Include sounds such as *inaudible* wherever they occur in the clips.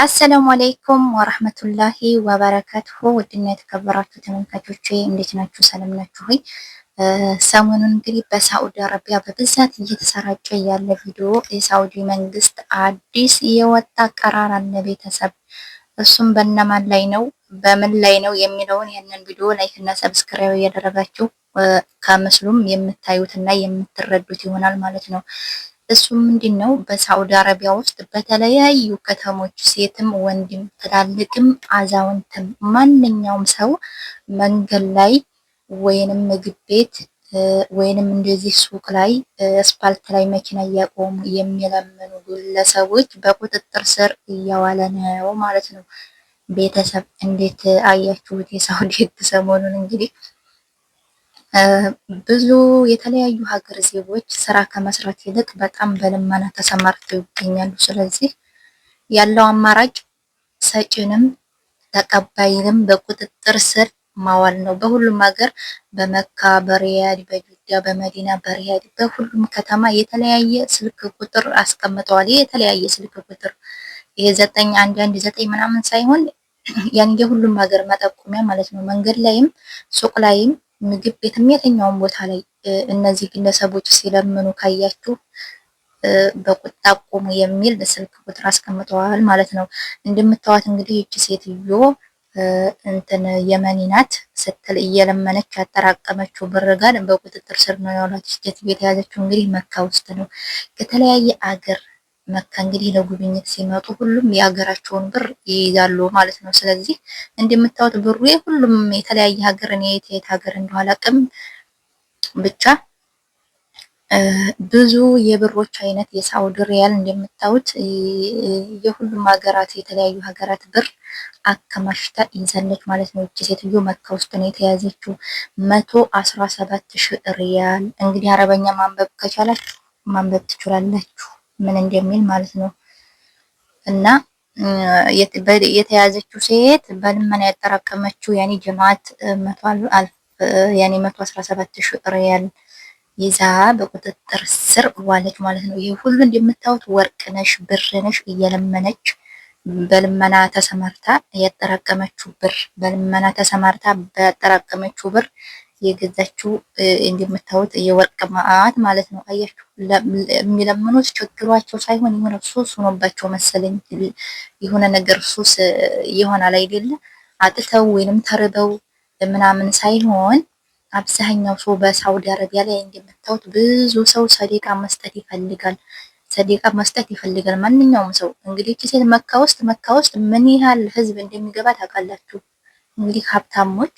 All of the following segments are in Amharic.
አሰላሙ አለይኩም ወራህመቱላሂ ወበረካቱሁ ውድና የተከበራችሁ ተመልካቾች እንዴት ናችሁ? ሰላም ናችሁ ሆይ? ሰሞኑን እንግዲህ በሳዑዲ አረቢያ በብዛት እየተሰራጨ ያለ ቪዲዮ የሳዑዲ መንግስት አዲስ የወጣ አቀራር አለ ቤተሰብ። እሱም በእነማን ላይ ነው በምን ላይ ነው የሚለውን ያንን ቪዲዮ ላይክ እና ሰብስክራይብ እያደረጋችሁ ከምስሉም የምታዩትና የምትረዱት ይሆናል ማለት ነው። እሱም ምንድን ነው በሳውዲ አረቢያ ውስጥ በተለያዩ ከተሞች ሴትም ወንድም ትላልቅም አዛውንትም ማንኛውም ሰው መንገድ ላይ ወይንም ምግብ ቤት ወይንም እንደዚህ ሱቅ ላይ አስፓልት ላይ መኪና እያቆሙ የሚለምኑ ግለሰቦች በቁጥጥር ስር እያዋለ ነው ማለት ነው። ቤተሰብ እንዴት አያችሁት? የሳውዲ ህግ ሰሞኑን እንግዲህ ብዙ የተለያዩ ሀገር ዜጎች ስራ ከመስራት ይልቅ በጣም በልመና ተሰማርተው ይገኛሉ። ስለዚህ ያለው አማራጭ ሰጪንም ተቀባይንም በቁጥጥር ስር ማዋል ነው። በሁሉም ሀገር በመካ፣ በሪያድ፣ በጁዳ፣ በመዲና፣ በሪያድ በሁሉም ከተማ የተለያየ ስልክ ቁጥር አስቀምጠዋል። ይህ የተለያየ ስልክ ቁጥር ይሄ ዘጠኝ አንድ አንድ ዘጠኝ ምናምን ሳይሆን *clears throat* ያን የሁሉም ሀገር መጠቆሚያ ማለት ነው። መንገድ ላይም ሱቅ ላይም ምግብ ቤትም የትኛውም ቦታ ላይ እነዚህ ግለሰቦች ሲለምኑ ካያችሁ በቁጣ ቁሙ የሚል ስልክ ቁጥር አስቀምጠዋል ማለት ነው። እንደምታዋት እንግዲህ እቺ ሴትዮ እንትን የመኒ ናት ስትል እየለመነች ያጠራቀመችው ብር ጋር በቁጥጥር ስር ነው ያውላት። ቤት የያዘችው እንግዲህ መካ ውስጥ ነው ከተለያየ አገር መካ እንግዲህ ለጉብኝት ሲመጡ ሁሉም የሀገራቸውን ብር ይይዛሉ ማለት ነው። ስለዚህ እንደምታዩት ብሩ ሁሉም የተለያየ ሀገር ነው። የት ሀገር እንደው አላውቅም፣ ብቻ ብዙ የብሮች አይነት የሳውዲ ሪያል እንደምታዩት የሁሉም ሀገራት የተለያዩ ሀገራት ብር አከማሽታ ይዛለች ማለት ነው። እቺ ሴትዮ መካ ውስጥ ነው የተያዘችው። መቶ አስራ ሰባት ሺህ ሪያል እንግዲህ አረበኛ ማንበብ ከቻላችሁ ማንበብ ትችላላችሁ። ምን እንደሚል ማለት ነው። እና የተያዘችው ሴት በልመና ያጠራቀመችው ያኔ ጀማት ያኔ መቶ አስራ ሰባት ሺህ ሪያል ይዛ በቁጥጥር ስር ዋለች ማለት ነው። ይሄ ሁሉ እንደምታዩት ወርቅ ነሽ ብር ነሽ እየለመነች በልመና ተሰማርታ ያጠራቀመችው ብር በልመና ተሰማርታ ያጠራቀመችው ብር የገዛችው እንደምታዩት የወርቅ ማዕት ማለት ነው። አያችሁ የሚለምኑት ችግሯቸው ሳይሆን የሆነ ሱስ ሆኖባቸው መሰለኝ የሆነ ነገር ሱስ ይሆናል አይደለ? አጥተው ወይንም ተርበው ምናምን ሳይሆን አብዛኛው ሰው በሳውዲ አረቢያ ላይ እንደምታዩት ብዙ ሰው ሰደቃ መስጠት ይፈልጋል። ሰደቃ መስጠት ይፈልጋል ማንኛውም ሰው። እንግዲህ ሴት መካ ውስጥ መካ ውስጥ ምን ያህል ህዝብ እንደሚገባ ታውቃላችሁ። እንግዲህ ሀብታሞች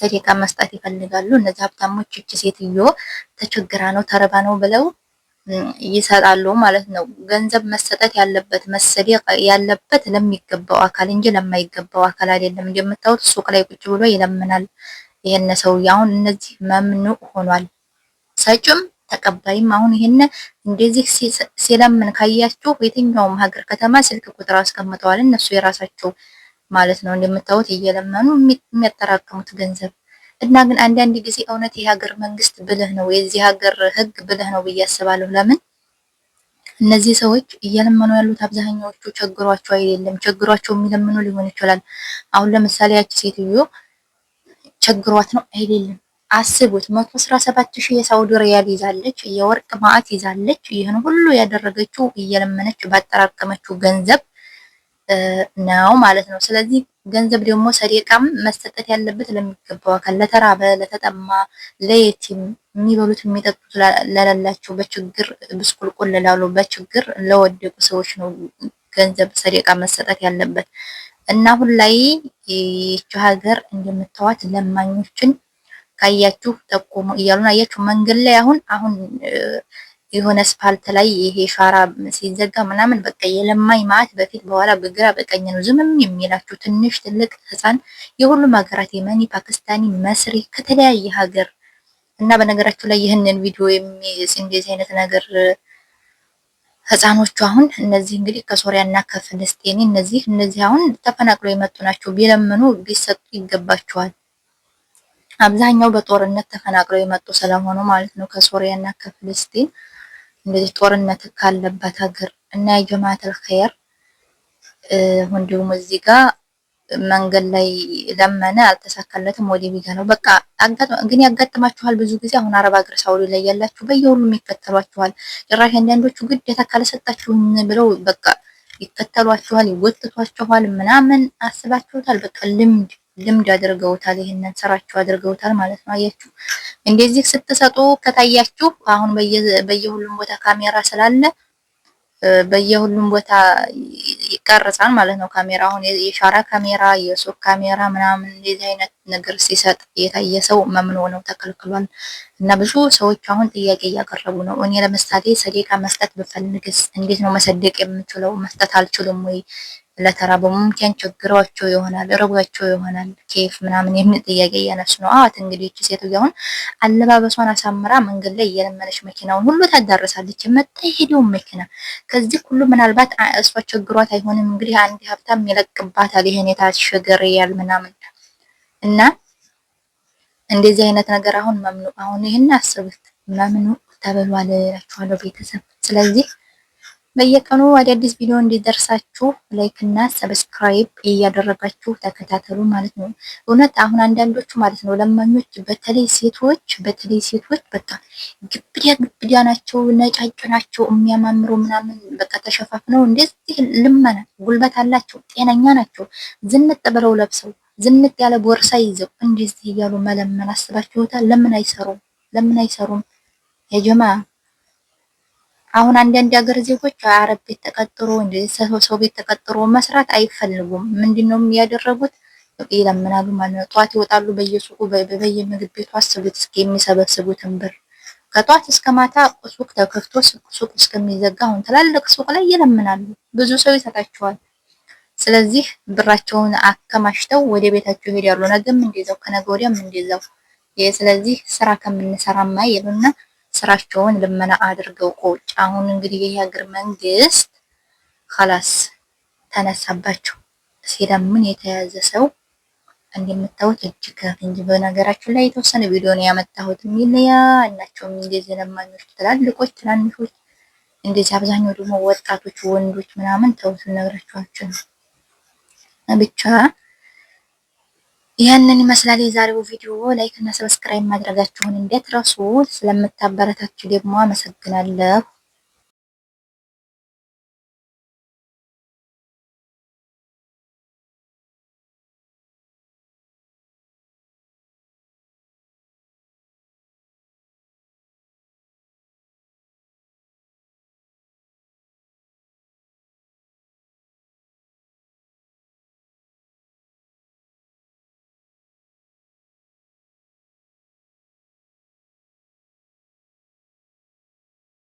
ሰደቃ መስጠት ይፈልጋሉ። እነዚህ ሀብታሞች እች ሴትዮ ተቸግራ ነው ተረባ ነው ብለው ይሰጣሉ ማለት ነው። ገንዘብ መሰጠት ያለበት መሰደቅ ያለበት ለሚገባው አካል እንጂ ለማይገባው አካል አይደለም። እንደምታዩት ሱቅ ላይ ቁጭ ብሎ ይለምናል ይሄን ሰው አሁን እነዚህ መምኑ ሆኗል፣ ሰጭም ተቀባይም። አሁን ይሄን እንደዚህ ሲለምን ካያችሁ የትኛውም ሀገር ከተማ ስልክ ቁጥር አስቀምጠዋል እነሱ የራሳቸው ማለት ነው። እንደምታዩት እየለመኑ የሚያጠራቅሙት ገንዘብ እና ግን አንዳንድ ጊዜ እውነት የሀገር መንግስት ብልህ ነው፣ የዚህ ሀገር ህግ ብልህ ነው ብዬ አስባለሁ። ለምን እነዚህ ሰዎች እየለመኑ ያሉት አብዛኛዎቹ ቸግሯቸው አይደለም፣ ቸግሯቸው የሚለምኑ ሊሆን ይችላል። አሁን ለምሳሌ ያቺ ሴትዮ ቸግሯት ነው አይደለም። አስቡት መቶ አስራ ሰባት ሺህ የሳውዲ ሪያል ይዛለች፣ የወርቅ ማዕት ይዛለች። ይህን ሁሉ ያደረገችው እየለመነች ባጠራቀመችው ገንዘብ ነው ማለት ነው። ስለዚህ ገንዘብ ደግሞ ሰደቃም መሰጠት ያለበት ለሚገባው አካል፣ ለተራበ፣ ለተጠማ፣ ለየቲም፣ የሚበሉት የሚጠጡት ለሌላቸው፣ በችግር ብስቁልቁል ላሉ፣ በችግር ለወደቁ ሰዎች ነው ገንዘብ ሰደቃ መሰጠት ያለበት እና አሁን ላይ ይቺ ሀገር እንደምታዋት ለማኞችን ካያችሁ ጠቁሙ እያሉን አያችሁ መንገድ ላይ አሁን አሁን የሆነ ስፓልት ላይ ይሄ ሻራ ሲዘጋ ምናምን በቃ የለማኝ ማት በፊት በኋላ በግራ በቀኝ ነው ዝምም የሚላችሁ ትንሽ ትልቅ ህፃን የሁሉም ሀገራት የመኒ፣ ፓኪስታኒ፣ መስሪ ከተለያየ ሀገር እና በነገራችሁ ላይ ይህንን ቪዲዮ የሚስ እንደዚህ አይነት ነገር ህፃኖቹ አሁን እነዚህ እንግዲህ ከሶሪያ እና ከፍልስጤኒ እነዚህ እነዚህ አሁን ተፈናቅሎ የመጡ ናቸው። ቢለምኑ ቢሰጡ ይገባቸዋል። አብዛኛው በጦርነት ተፈናቅለው የመጡ ስለሆኑ ማለት ነው ከሶሪያ እና ከፍልስጤን እንደዚህ ጦርነት ካለባት ሀገር እና የጀማዓተል ኸይር እንዲሁም እዚህ ጋር መንገድ ላይ ለመነ፣ አልተሳካለትም። ወደ ቢጋ ነው በቃ። ግን ያጋጥማችኋል ብዙ ጊዜ አሁን አረብ ሀገር ሳውዲ ላይ ያላችሁ በየሁሉም ይከተሏችኋል። ጭራሽ አንዳንዶቹ ግዴታ ካለሰጣችሁን ብለው በቃ ይከተሏችኋል፣ ይወጥቷችኋል፣ ምናምን አስባችሁታል። በቃ ልምድ ልምድ አድርገውታል። ይህንን ስራቸው አድርገውታል ማለት ነው። አያችሁ እንደዚህ ስትሰጡ ከታያችሁ አሁን በየሁሉም ቦታ ካሜራ ስላለ በየሁሉም ቦታ ይቀርጻል ማለት ነው። ካሜራ አሁን የሻራ ካሜራ፣ የሱር ካሜራ ምናምን እንደዚህ አይነት ነገር ሲሰጥ የታየ ሰው መምኖ ነው ተከልክሏል። እና ብዙ ሰዎች አሁን ጥያቄ እያቀረቡ ነው። እኔ ለምሳሌ ሰዴቃ መስጠት ብፈልግስ እንዴት ነው መሰደቅ የምችለው? መስጠት አልችልም ወይ? ለተራበው ሙምኪያን ቸግሯቸው ይሆናል፣ ርቧቸው ይሆናል፣ ኬፍ ምናምን የሚል ጥያቄ እያነሱ ነው። አዋት እንግዲህ እቺ ሴትዮ አሁን አለባበሷን አሳምራ መንገድ ላይ እየለመነች መኪናውን ሁሉ ታዳርሳለች። የመጣ የሄደውን መኪና ከዚህ ሁሉ ምናልባት እሷ ቸግሯት አይሆንም። እንግዲህ አንድ ሀብታም ይለቅባታል ይሄን የታሸገ ሪያል ምናምን እና እንደዚህ አይነት ነገር አሁን መምኑ አሁን ይህን አስብት መምኑ ተብሏል እላችኋለሁ ቤተሰብ ስለዚህ በየቀኑ አዳዲስ ቪዲዮ እንዲደርሳችሁ ላይክ እና ሰብስክራይብ እያደረጋችሁ ተከታተሉ ማለት ነው። እውነት አሁን አንዳንዶቹ ማለት ነው ለማኞች፣ በተለይ ሴቶች በተለይ ሴቶች በቃ ግብዳ ግብዳ ናቸው፣ ነጫጭ ናቸው፣ የሚያማምሩ ምናምን በቃ ተሸፋፍነው እንደዚህ ልመና ጉልበት አላቸው፣ ጤነኛ ናቸው፣ ዝንጥ ብለው ለብሰው ዝንጥ ያለ ቦርሳ ይዘው እንደዚህ እያሉ መለመን አስባችሁታል? ለምን አይሰሩም? ለምን አይሰሩም የጀማ አሁን አንዳንድ ሀገር ዜጎች አረብ ቤት ተቀጥሮ ሰው ቤት ተቀጥሮ መስራት አይፈልጉም። ምንድነው ያደረጉት? ይለምናሉ ማለት ነው። ጠዋት ይወጣሉ በየሱቁ በየምግብ ቤቱ አስቡት እስኪ የሚሰበስቡትን ብር ከጧት እስከ ማታ ሱቅ ተከፍቶ ሱቅ እስከሚዘጋ አሁን ትላልቅ ሱቅ ላይ ይለምናሉ። ብዙ ሰው ይሰጣቸዋል። ስለዚህ ብራቸውን አከማሽተው ወደ ቤታቸው ይሄዳሉ። ነገም እንደዛው፣ ከነገ ወዲያም እንደዛው። ስለዚህ ስራ ከምንሰራማ ይሉና ስራቸውን ልመና አድርገው ቆጭ። አሁን እንግዲህ የሀገር መንግስት ኸላስ ተነሳባቸው። ምን የተያዘ ሰው እንደምታዩት እጅ ከፍንጅ። በነገራችን ላይ የተወሰነ ቪዲዮ ነው ያመጣሁት። የሚለያ እናቸውም እንደዚህ ለማኞች፣ ትላልቆች፣ ትናንሾች እንደዚህ አብዛኛው ደግሞ ወጣቶች፣ ወንዶች ምናምን ተውት፣ እነግራችኋችን ብቻ ይህንን ይመስላል የዛሬው ቪዲዮ። ላይክ እና ሰብስክራይብ ማድረጋችሁን እንደትረሱ። ስለምታበረታችሁ ደግሞ አመሰግናለሁ።